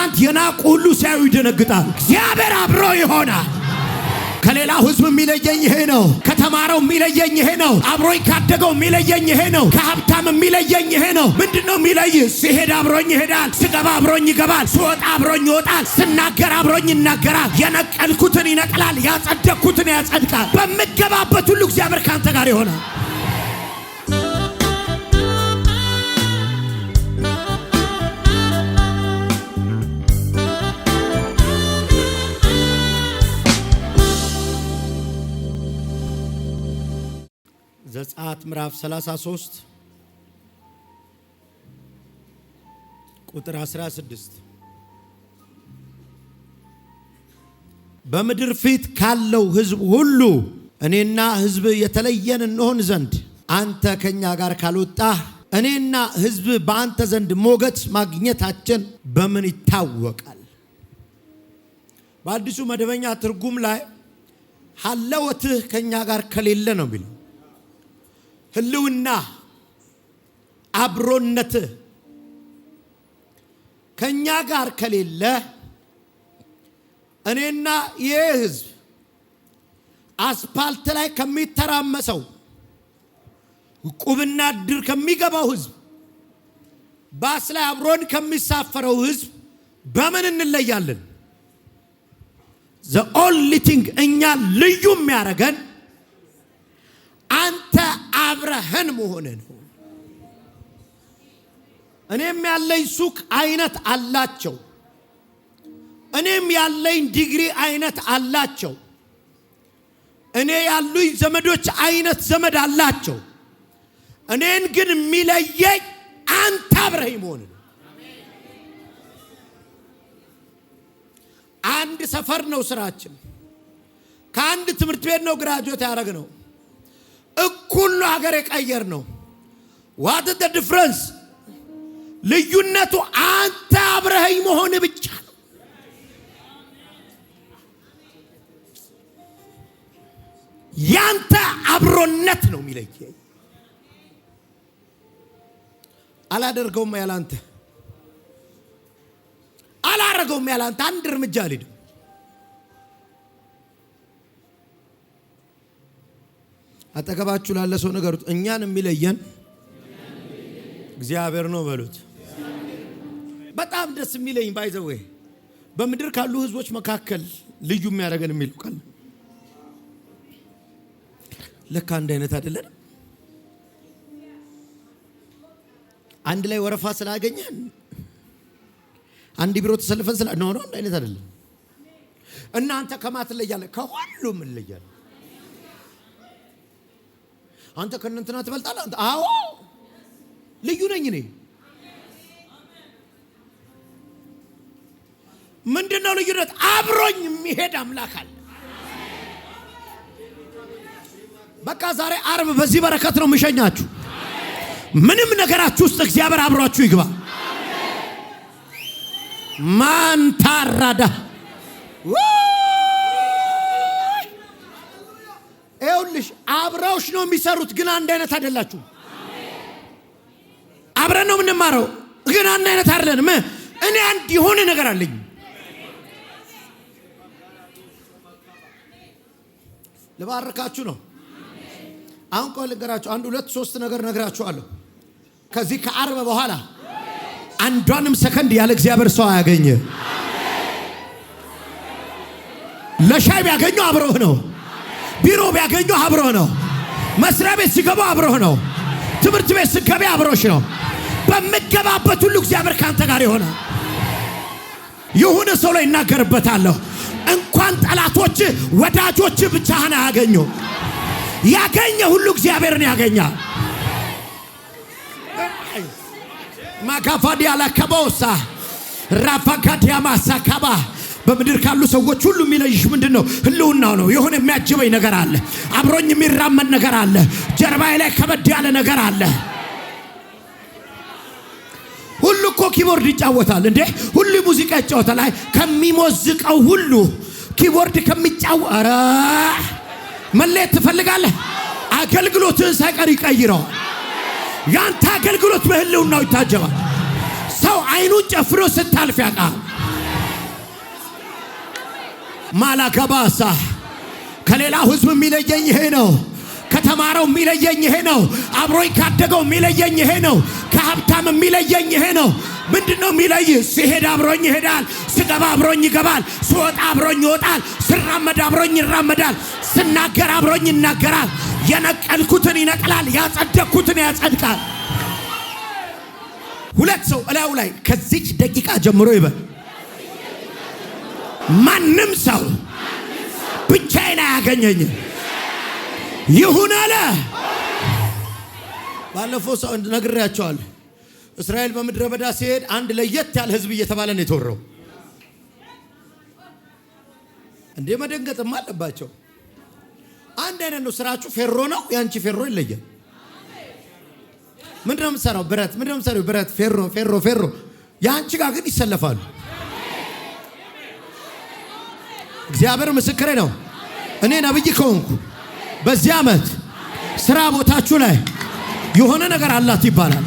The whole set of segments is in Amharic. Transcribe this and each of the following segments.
ትናንት የናቁ ሁሉ ሲያዩ ይደነግጣል። እግዚአብሔር አብሮ ይሆናል። ከሌላው ህዝብ የሚለየኝ ይሄ ነው። ከተማረው የሚለየኝ ይሄ ነው። አብሮኝ ካደገው የሚለየኝ ይሄ ነው። ከሀብታም የሚለየኝ ይሄ ነው። ምንድን ነው የሚለይ? ሲሄድ አብሮኝ ይሄዳል፣ ስገባ አብሮኝ ይገባል፣ ስወጣ አብሮኝ ይወጣል፣ ስናገር አብሮኝ ይናገራል። የነቀልኩትን ይነቅላል፣ ያጸደቅኩትን ያጸድቃል። በምገባበት ሁሉ እግዚአብሔር ካንተ ጋር ይሆናል። ዘጸአት ምዕራፍ 33 ቁጥር 16 በምድር ፊት ካለው ሕዝብ ሁሉ እኔና ሕዝብ የተለየን እንሆን ዘንድ አንተ ከእኛ ጋር ካልወጣህ እኔና ሕዝብ በአንተ ዘንድ ሞገት ማግኘታችን በምን ይታወቃል? በአዲሱ መደበኛ ትርጉም ላይ ሀለወትህ ከእኛ ጋር ከሌለ ነው የሚለው ህልውና፣ አብሮነት ከእኛ ጋር ከሌለ እኔና ይህ ህዝብ አስፓልት ላይ ከሚተራመሰው ቁብና ድር ከሚገባው ህዝብ ባስ ላይ አብሮን ከሚሳፈረው ህዝብ በምን እንለያለን? ዘ ኦንሊ ቲንግ እኛ ልዩ የሚያደርገን አንተ አብረህን መሆን ነው። እኔም ያለኝ ሱቅ አይነት አላቸው። እኔም ያለኝ ዲግሪ አይነት አላቸው። እኔ ያሉኝ ዘመዶች አይነት ዘመድ አላቸው። እኔን ግን የሚለየኝ አንተ አብረህ መሆን ነው። አንድ ሰፈር ነው ስራችን። ከአንድ ትምህርት ቤት ነው ግራጆት ያደረግ ነው እኩል ሀገር የቀየር ነው። ዋት ደ ዲፍረንስ ልዩነቱ አንተ አብረኸኝ መሆን ብቻ ነው። ያንተ አብሮነት ነው የሚለየኝ። አላደርገውም ያላንተ፣ አላረገውም ያላንተ። አንድ እርምጃ አልሄድም አጠገባችሁ ላለ ሰው ንገሩት። እኛን የሚለየን እግዚአብሔር ነው በሉት። በጣም ደስ የሚለኝ ባይዘዌ በምድር ካሉ ህዝቦች መካከል ልዩ የሚያደርገን የሚለው ቃል ለካ አንድ አይነት አይደለን። አንድ ላይ ወረፋ ስላገኘን አንድ ቢሮ ተሰልፈን ስላ ነው አንድ አይነት አይደለም። እናንተ ከማ ትለያለ? ከሁሉም እንለያለን። አንተ ከእንትና ትበልጣለህ። አዎ ልዩ ነኝ እኔ። ምንድን ነው ልዩነት? አብሮኝ የሚሄድ አምላክ አለ። በቃ ዛሬ አርብ በዚህ በረከት ነው የሚሸኛችሁ ምንም ነገራችሁ ውስጥ እግዚአብሔር አብሯችሁ ይግባ። ማንታራዳ ይኸውልሽ አብረውሽ ነው የሚሰሩት፣ ግን አንድ አይነት አይደላችሁ። አብረን ነው የምንማረው፣ ግን አንድ አይነት አይደለንም። እኔ አንድ የሆነ ነገር አለኝ። ልባርካችሁ ነው። አሁን ቆይ ልንገራችሁ፣ አንድ ሁለት ሶስት ነገር ነግራችኋለሁ። ከዚህ ከአርብ በኋላ አንዷንም ሰከንድ ያለ እግዚአብሔር ሰው አያገኘ። ለሻይ ቢያገኘው አብረውህ ነው። ቢሮ ቢያገኙ አብሮህ ነው። መስሪያ ቤት ሲገቡ አብሮህ ነው። ትምህርት ቤት ስገቢ አብሮሽ ነው። በምገባበት ሁሉ እግዚአብሔር ካንተ ጋር የሆነ የሆነ ሰው ላይ እናገርበታለሁ። እንኳን ጠላቶች ወዳጆች ብቻህን አያገኙ። ያገኘ ሁሉ እግዚአብሔርን ያገኛል። ማካፋዲ ላከባውሳ ራፋካዲያ ማሳካባ በምድር ካሉ ሰዎች ሁሉ የሚለይሽ ምንድን ነው? ህልውናው ነው። የሆነ የሚያጅበኝ ነገር አለ። አብሮኝ የሚራመድ ነገር አለ። ጀርባዬ ላይ ከበድ ያለ ነገር አለ። ሁሉ እኮ ኪቦርድ ይጫወታል እንዴ! ሁሉ ሙዚቃ ይጫወታል። አይ ከሚሞዝቀው ሁሉ ኪቦርድ ከሚጫወ ረ መለየት ትፈልጋለህ? አገልግሎትህን ሳይቀር ይቀይረዋል። ያንተ አገልግሎት በህልውናው ይታጀባል። ሰው አይኑን ጨፍኖ ስታልፍ ያውቃል። ማላከባሳ ከሌላው ህዝብ የሚለየኝ ይሄ ነው። ከተማረው የሚለየኝ ይሄ ነው። አብሮኝ ካደገው የሚለየኝ ይሄ ነው። ከሀብታም የሚለየኝ ይሄ ነው። ምንድን ነው የሚለይ? ሲሄድ አብሮኝ ይሄዳል፣ ስገባ አብሮኝ ይገባል፣ ስወጣ አብሮኝ ይወጣል፣ ስራመድ አብሮኝ ይራመዳል፣ ስናገር አብሮኝ ይናገራል። የነቀልኩትን ይነቅላል፣ ያጸደቅኩትን ያጸድቃል። ሁለት ሰው እላዩ ላይ ከዚች ደቂቃ ጀምሮ ይበል ማንም ሰው ብቻዬን አያገኘኝም። ይሁን አለ። ባለፈው ሰው ነግሬያቸዋል። እስራኤል በምድረ በዳ ሲሄድ አንድ ለየት ያለ ህዝብ እየተባለ ነው የተወራው። እንዴ መደንገጥም አለባቸው። አንድ አይነት ነው ስራችሁ። ፌሮ ነው ያንቺ ፌሮ ይለያል። ምንድነው የምትሰራው? ብረት። ምንድነው የምትሰሪው? ብረት። ፌሮ ፌሮ ፌሮ። ያንቺ ጋር ግን ይሰለፋሉ። እግዚአብሔር ምስክሬ ነው። እኔ ነብይ ከሆንኩ በዚህ ዓመት ስራ ቦታችሁ ላይ የሆነ ነገር አላት ይባላል።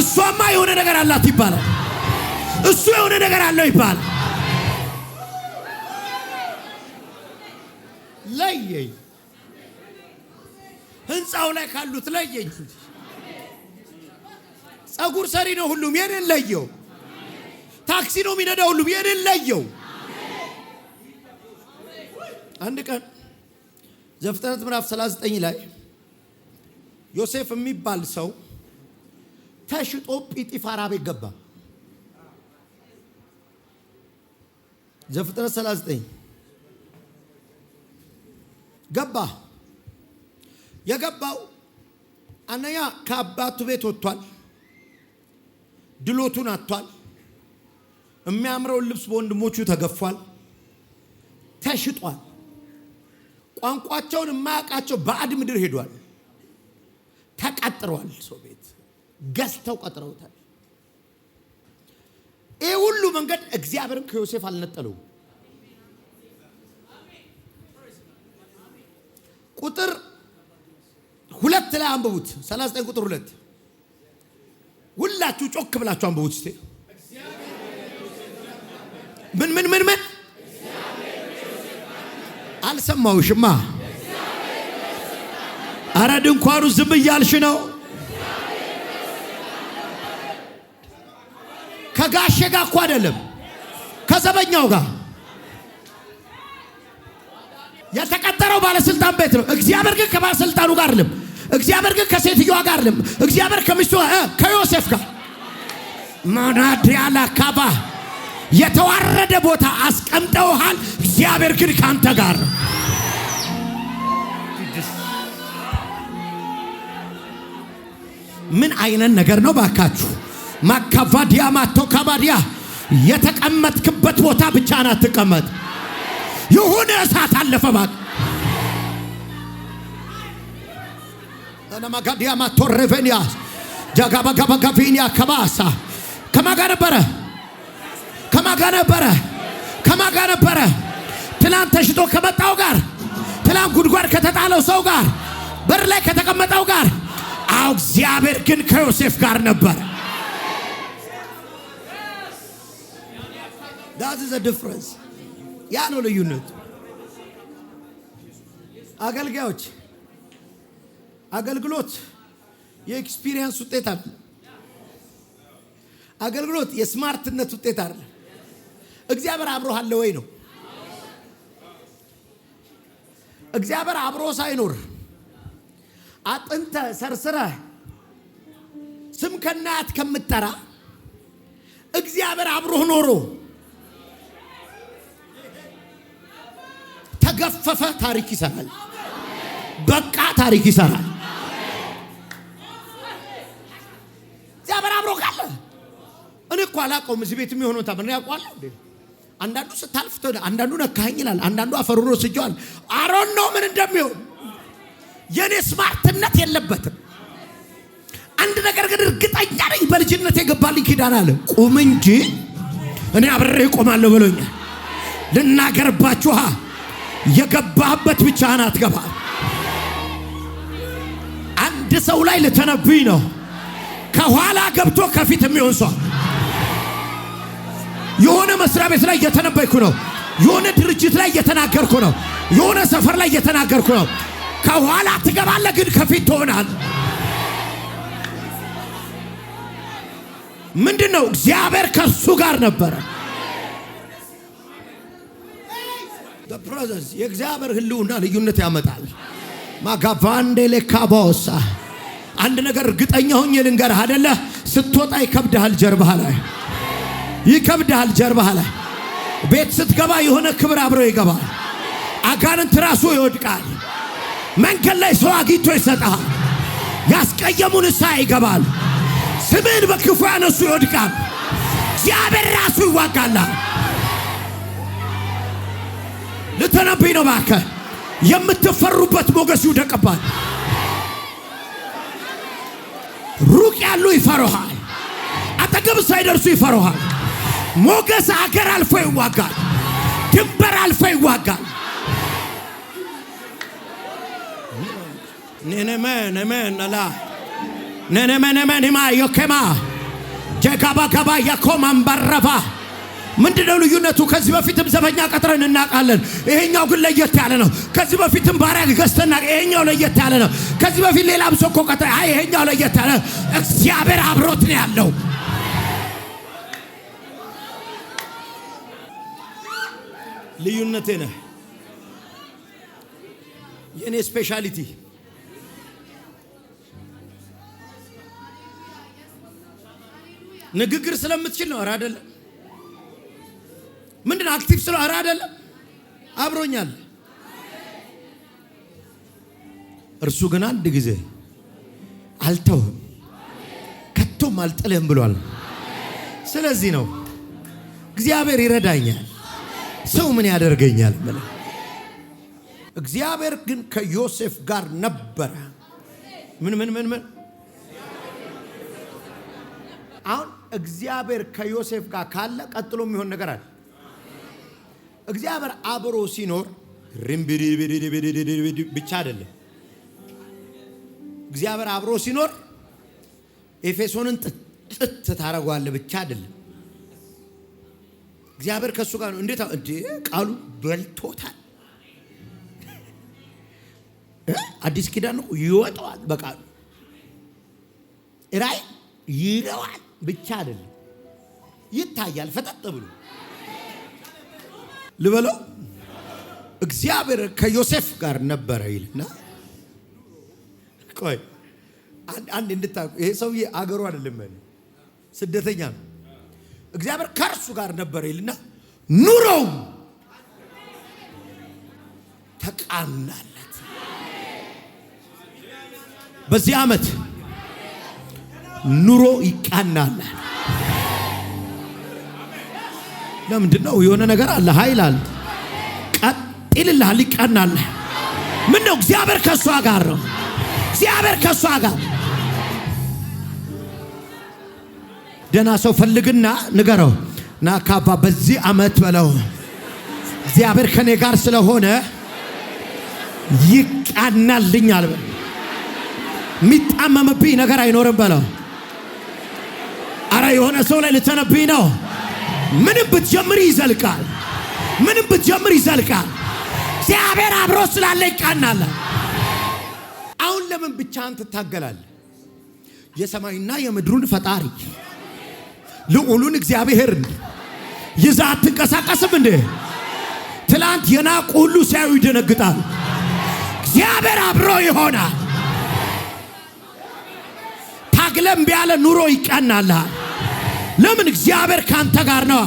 እሷማ የሆነ ነገር አላት ይባላል። እሱ የሆነ ነገር አለው ይባላል። ለየኝ፣ ህንፃው ላይ ካሉት ለየኝ። ጸጉር ሰሪ ነው ሁሉም የኔን ለየው። ታክሲ ነው የሚነዳ ሁሉ የኔን ለየው። አንድ ቀን ዘፍጥረት ምዕራፍ 39 ላይ ዮሴፍ የሚባል ሰው ተሽጦ ጲጢፋራ ቤት ገባ። ዘፍጥረት 39 ገባ። የገባው አነያ ከአባቱ ቤት ወጥቷል፣ ድሎቱን አጥቷል። የሚያምረውን ልብስ በወንድሞቹ ተገፏል፣ ተሽጧል። ቋንቋቸውን የማያውቃቸው ባዕድ ምድር ሄዷል። ተቀጥሯል። ሰው ቤት ገዝተው ቀጥረውታል። ይህ ሁሉ መንገድ እግዚአብሔርን ከዮሴፍ አልነጠለው ቁጥር ሁለት ላይ አንብቡት። 39 ቁጥር ሁለት ሁላችሁ ጮክ ብላችሁ አንብቡት እስቴ ምን ምን ምን ምን አልሰማውሽማ። አረ ድንኳኑ ዝም እያልሽ ነው። ከጋሼ ጋር እኮ አይደለም ከዘበኛው ጋር የተቀጠረው ባለስልጣን ቤት ነው። እግዚአብሔር ግን ከባለስልጣኑ ጋር አይደለም። እግዚአብሔር ግን ከሴትዮዋ ጋር አይደለም። እግዚአብሔር ከሚስቱ ከዮሴፍ ጋር ማናድሪያ ካባ የተዋረደ ቦታ አስቀምጠውሃል። እግዚአብሔር ግን ካንተ ጋር ነው። ምን አይነት ነገር ነው ባካችሁ? ማካቫዲያ ማቶ ካባዲያ የተቀመጥክበት ቦታ ብቻ ናት ትቀመጥ ይሁን እሳት አለፈ ባክ ለማጋዲያ ማቶ ሬቬንያ ጃጋባጋባጋቪኒያ ከባሳ ከማጋ ነበረ ከማጋ ነበረ ከማጋ ነበረ። ትላንት ተሽጦ ከመጣው ጋር፣ ትላንት ጉድጓድ ከተጣለው ሰው ጋር፣ በር ላይ ከተቀመጠው ጋር። አው እግዚአብሔር ግን ከዮሴፍ ጋር ነበር። ዲፍረንስ ያ ነው ልዩነቱ። አገልጋዮች አገልግሎት የኤክስፒሪየንስ ውጤት አለ። አገልግሎት የስማርትነት ውጤት አለ። እግዚአብሔር አብሮሃል ወይ ነው። እግዚአብሔር አብሮ ሳይኖር አጥንተ ሰርስረህ ስም ከናያት ከምጠራ እግዚአብሔር አብሮህ ኖሮ ተገፈፈ ታሪክ ይሰራል። በቃ ታሪክ ይሰራል። እግዚአብሔር አብሮ ካለ እኔ እኮ አላውቀውም። እዚህ ቤት የሚሆነውን ታምር ያውቀዋል። አንዳንዱ ስታልፍ ተወደ፣ አንዳንዱ ነካኸኝ ይላል፣ አንዳንዱ አፈሩሮ ስጀዋል። አሮን ነው ምን እንደሚሆን የእኔ ስማርትነት የለበትም። አንድ ነገር ግን እርግጠኛ ነኝ በልጅነት የገባልኝ ኪዳን አለ ቁም እንጂ እኔ አብሬ እቆማለሁ ብሎኛል። ልናገርባችኋ የገባህበት ብቻህን አትገባ። አንድ ሰው ላይ ልተነብኝ ነው ከኋላ ገብቶ ከፊት የሚሆን ሰው የሆነ መስሪያ ቤት ላይ እየተነበይኩ ነው። የሆነ ድርጅት ላይ እየተናገርኩ ነው። የሆነ ሰፈር ላይ እየተናገርኩ ነው። ከኋላ ትገባለ ግን ከፊት ትሆናል። ምንድን ነው? እግዚአብሔር ከሱ ጋር ነበረ። የእግዚአብሔር ህልውና ልዩነት ያመጣል። ማጋቫንዴ ሌካ ባወሳ አንድ ነገር እርግጠኛ ሆኜ ልንገርህ አደለ፣ ስትወጣ ይከብድሃል ጀርባህ ላይ ይከብዳል። ጀርባህ ላይ ቤት ስትገባ የሆነ ክብር አብረው ይገባል። አጋንንት ራሱ ይወድቃል። መንገድ ላይ ሰው አግኝቶ ይሰጠሃል። ያስቀየሙን እሳ ይገባል። ስምን በክፉ ያነሱ ይወድቃል። እግዚአብሔር ራሱ ይዋጋላል። ልተነብኝ ነው ባከ የምትፈሩበት ሞገስ ይውደቅባል። ሩቅ ያሉ ይፈሩሃል። አጠገብ ሳይደርሱ ይፈሩሃል። ሞገስ አገር አልፎ ይዋጋል። ድንበር አልፎ ይዋጋል። ነነመነመንማ ዮኬማ ጀጋባ ገባ የኮማ ምንድነው ልዩነቱ? ከዚህ በፊትም ዘበኛ ቀጥረን እናውቃለን። ይሄኛው ግን ለየት ያለ ነው። ከዚህ በፊትም ባሪያ ገዝተና ይሄኛው ለየት ያለ ነው። ከዚህ በፊት ሌላም ሰው እኮ ቀጥረ፣ አይ ይሄኛው ለየት ያለ እግዚአብሔር አብሮት ነው ያለው ልዩነቴ ነህ። የእኔ ስፔሻሊቲ ንግግር ስለምትችል ነው። ኧረ አደለም ምንድን አክቲቭ ስለ ኧረ አይደለም። አብሮኛል። እርሱ ግን አንድ ጊዜ አልተውም ከቶም አልጥልህም ብሏል። ስለዚህ ነው እግዚአብሔር ይረዳኛል። ሰው ምን ያደርገኛል? እግዚአብሔር ግን ከዮሴፍ ጋር ነበረ። ምን ምን ምን ምን አሁን እግዚአብሔር ከዮሴፍ ጋር ካለ ቀጥሎ የሚሆን ነገር አለ። እግዚአብሔር አብሮ ሲኖር ብቻ አይደለም። እግዚአብሔር አብሮ ሲኖር ኤፌሶንን ጥጥ ታደርገዋለህ ብቻ አይደለም። እግዚአብሔር ከእሱ ጋር ነው። እንዴት እንዴ ቃሉ በልቶታል። አዲስ ኪዳን ነው ይወጣዋል። በቃሉ ራይ ይለዋል ብቻ አይደለም ይታያል። ፈጠጥ ብሎ ልበለው እግዚአብሔር ከዮሴፍ ጋር ነበረ ይልና፣ ቆይ አንድ እንድታ ይሄ ሰውዬ አገሩ አይደለም፣ ስደተኛ ነው። እግዚአብሔር ከእርሱ ጋር ነበር ይልና ኑሮው ተቃናለት። በዚህ ዓመት ኑሮ ይቃናል። ለምንድን ነው? የሆነ ነገር አለ፣ ኃይል አለ፣ ቀጥ ይልልሃል፣ ይቃናል። ምን ነው? እግዚአብሔር ከእሷ ጋር ነው። እግዚአብሔር ከእሷ ጋር ደና ሰው ፈልግና ንገረው ና ካባ በዚህ አመት በለው እግዚአብሔር ከኔ ጋር ስለሆነ ይቃናልኛል። የሚጣመምብኝ ነገር አይኖርም በለው። አረ የሆነ ሰው ላይ ልተነብኝ ነው። ምንም ብትጀምር ይዘልቃል። ምንም ብትጀምር ይዘልቃል። እግዚአብሔር አብሮ ስላለ ይቃናል። አሁን ለምን ብቻህን ትታገላለህ? የሰማይና የምድሩን ፈጣሪ ልዑሉን እግዚአብሔር ይዛ አትንቀሳቀስም እንዴ? ትላንት የናቁ ሁሉ ሲያዩ ይደነግጣል። እግዚአብሔር አብሮ ይሆናል። ታግለም ቢያለ ኑሮ ይቀናልሃል። ለምን? እግዚአብሔር ካንተ ጋር ነዋ።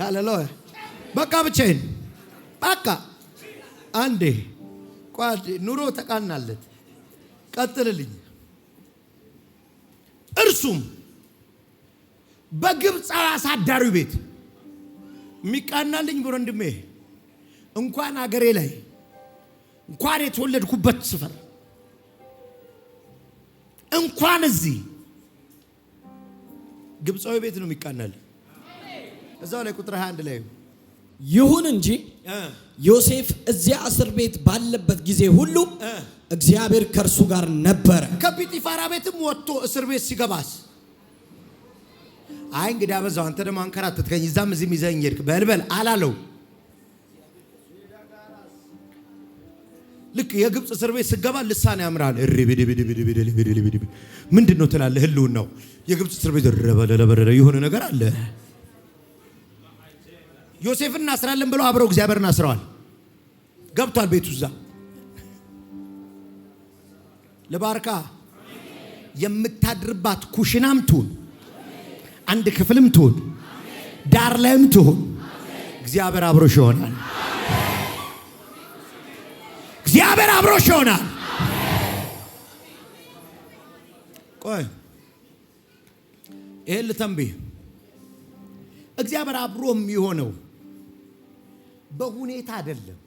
ያለሎ በቃ ብቻዬን በቃ አንዴ ኑሮ ተቃናለት። ቀጥልልኝ እርሱም በግብፅ አሳዳሪው ቤት የሚቃናልኝ ወንድሜ እንኳን አገሬ ላይ እንኳን የተወለድኩበት ስፍር እንኳን እዚህ ግብፃዊ ቤት ነው የሚቃናል። እዛው ላይ ቁጥር 21 ላይ ይሁን እንጂ ዮሴፍ እዚያ እስር ቤት ባለበት ጊዜ ሁሉ እግዚአብሔር ከእርሱ ጋር ነበረ። ከጲጢፋራ ቤትም ወጥቶ እስር ቤት ሲገባስ አይ እንግዲህ አበዛው፣ አንተ ደግሞ አንከራተትከኝ፣ እዛም እዚህም ይዘኝ ሄድክ፣ በልበል አላለው። ልክ የግብፅ እስር ቤት ስገባ ልሳን ያምራል። ምንድን ነው ትላለህ? ህልውን ነው የግብፅ እስር ቤት ረበለበረ የሆነ ነገር አለ። ዮሴፍን እናስራለን ብለው አብረው እግዚአብሔር እናስረዋል። ገብቷል ቤቱ እዛ ልባርካ የምታድርባት ኩሽናም ትሁን፣ አንድ ክፍልም ትሁን፣ ዳር ላይም ትሁን፣ እግዚአብሔር አብሮሽ ይሆናል። እግዚአብሔር አብሮሽ ይሆናል። ቆይ ይህን ልተንብይ። እግዚአብሔር አብሮ የሚሆነው በሁኔታ አይደለም።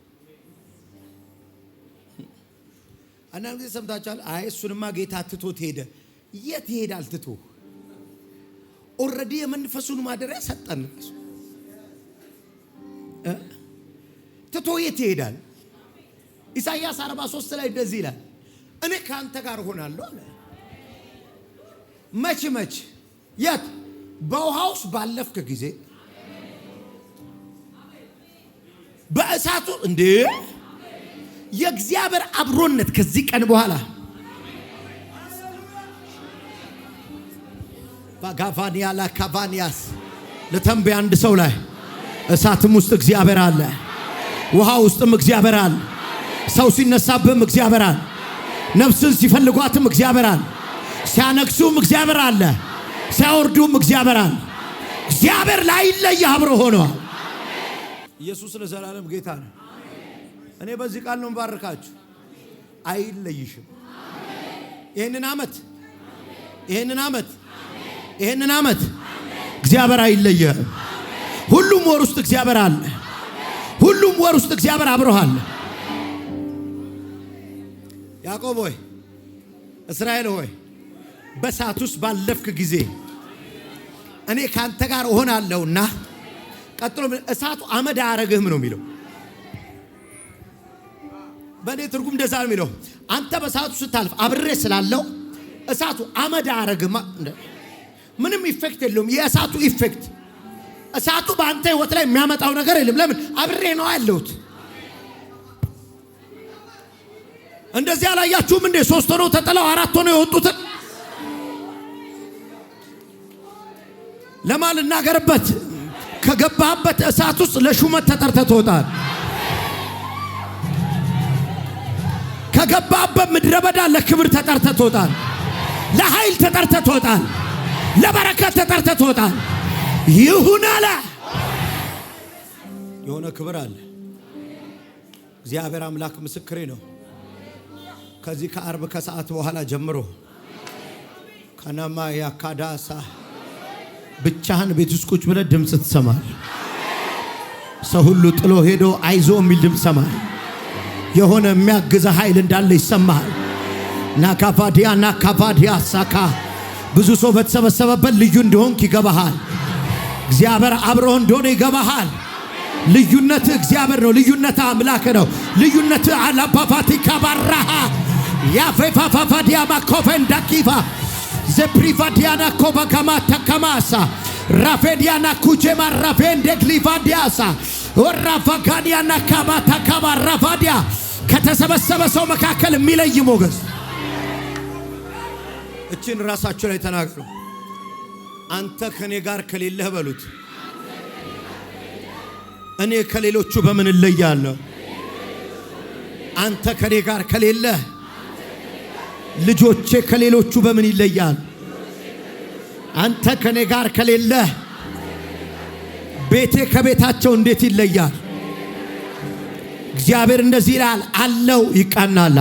አንዳንድ ጊዜ ሰምታችኋል። አይ እሱንማ ጌታ ትቶት ሄደ። የት ይሄዳል ትቶ? ኦልሬዲ የመንፈሱን ማደሪያ ሰጠን። ትቶ የት ይሄዳል? ኢሳይያስ 43 ላይ እንደዚህ ይላል፣ እኔ ከአንተ ጋር ሆናለሁ አለ። መች መች? የት? በውሃ ውስጥ ባለፍክ ጊዜ በእሳቱ እንዴ የእግዚአብሔር አብሮነት ከዚህ ቀን በኋላ ባጋቫኒያ ላካቫኒያስ ለተንቤ አንድ ሰው ላይ እሳትም ውስጥ እግዚአብሔር አለ፣ ውሃ ውስጥም እግዚአብሔር አለ፣ ሰው ሲነሳብም እግዚአብሔር አለ፣ ነፍስን ሲፈልጓትም እግዚአብሔር አለ፣ ሲያነግሱም እግዚአብሔር አለ፣ ሲያወርዱም እግዚአብሔር አለ። እግዚአብሔር ላይለይ አብሮ ሆነዋል። ኢየሱስ ለዘላለም ጌታ ነው። እኔ በዚህ ቃል ነው ባርካችሁ። አይለይሽም። ይህንን አመት ይህንን አመት ይህንን አመት እግዚአብሔር አይለየህም። ሁሉም ወር ውስጥ እግዚአብሔር አለ። ሁሉም ወር ውስጥ እግዚአብሔር አብሮሃል። ያዕቆብ ሆይ እስራኤል ሆይ በእሳት ውስጥ ባለፍክ ጊዜ እኔ ካንተ ጋር እሆናለሁና፣ ቀጥሎ እሳቱ አመድ አያረግህም ነው የሚለው በእኔ ትርጉም እንደዛ ነው የሚለው። አንተ በእሳቱ ስታልፍ አብሬ ስላለው እሳቱ አመድ አረግማ ምንም ኢፌክት የለውም። የእሳቱ ኢፌክት እሳቱ በአንተ ህይወት ላይ የሚያመጣው ነገር የለም። ለምን አብሬ ነው ያለሁት። እንደዚህ አላያችሁም እንዴ? ሶስት ሆነው ተጥለው አራት ሆነው የወጡትን ለማልናገርበት ልናገርበት? እሳት ውስጥ ለሹመት ተጠርተ ትወጣለህ። ከገባበት ምድረ በዳ ለክብር ተጠርተ ትወጣል። ለኃይል ተጠርተ ትወጣል። ለበረከት ተጠርተ ትወጣል። ይሁን አለ። የሆነ ክብር አለ። እግዚአብሔር አምላክ ምስክሬ ነው። ከዚህ ከአርብ ከሰዓት በኋላ ጀምሮ ከነማ ያካዳሳ ብቻህን ቤት ውስጥ ቁጭ ብለህ ድምፅ ትሰማል። ሰው ሁሉ ጥሎ ሄዶ አይዞ የሚል ድምፅ ሰማል። የሆነ የሚያግዘ ኃይል እንዳለ ይሰማሃል። ናካፋዲያ ናካፋዲያ ሳካ ብዙ ሰው በተሰበሰበበት ልዩ እንደሆንክ ይገባሃል። እግዚአብሔር አብረው እንደሆነ ይገባሃል። ልዩነት እግዚአብሔር ነው። ልዩነት አምላክ ነው። ልዩነት አላባፋቲ ካባራሃ ማኮፈን ዳኪፋ ዘፕሪፋዲያና ኮበከማ ተከማሳ ራፌዲያና ኩጄማ ራፌን ደግሊፋዲያሳ ወራፋጋዲያና ካባታ ካባ ራፋዲያ ከተሰበሰበ ሰው መካከል የሚለይ ሞገስ እችን ራሳቸው ላይ ተናገሩ። አንተ ከኔ ጋር ከሌለህ በሉት። እኔ ከሌሎቹ በምን እለያለሁ? አንተ ከኔ ጋር ከሌለህ ልጆቼ ከሌሎቹ በምን ይለያል? አንተ ከኔ ጋር ከሌለህ ቤቴ ከቤታቸው እንዴት ይለያል? እግዚአብሔር እንደዚህ ይላል አለው ይቃናል።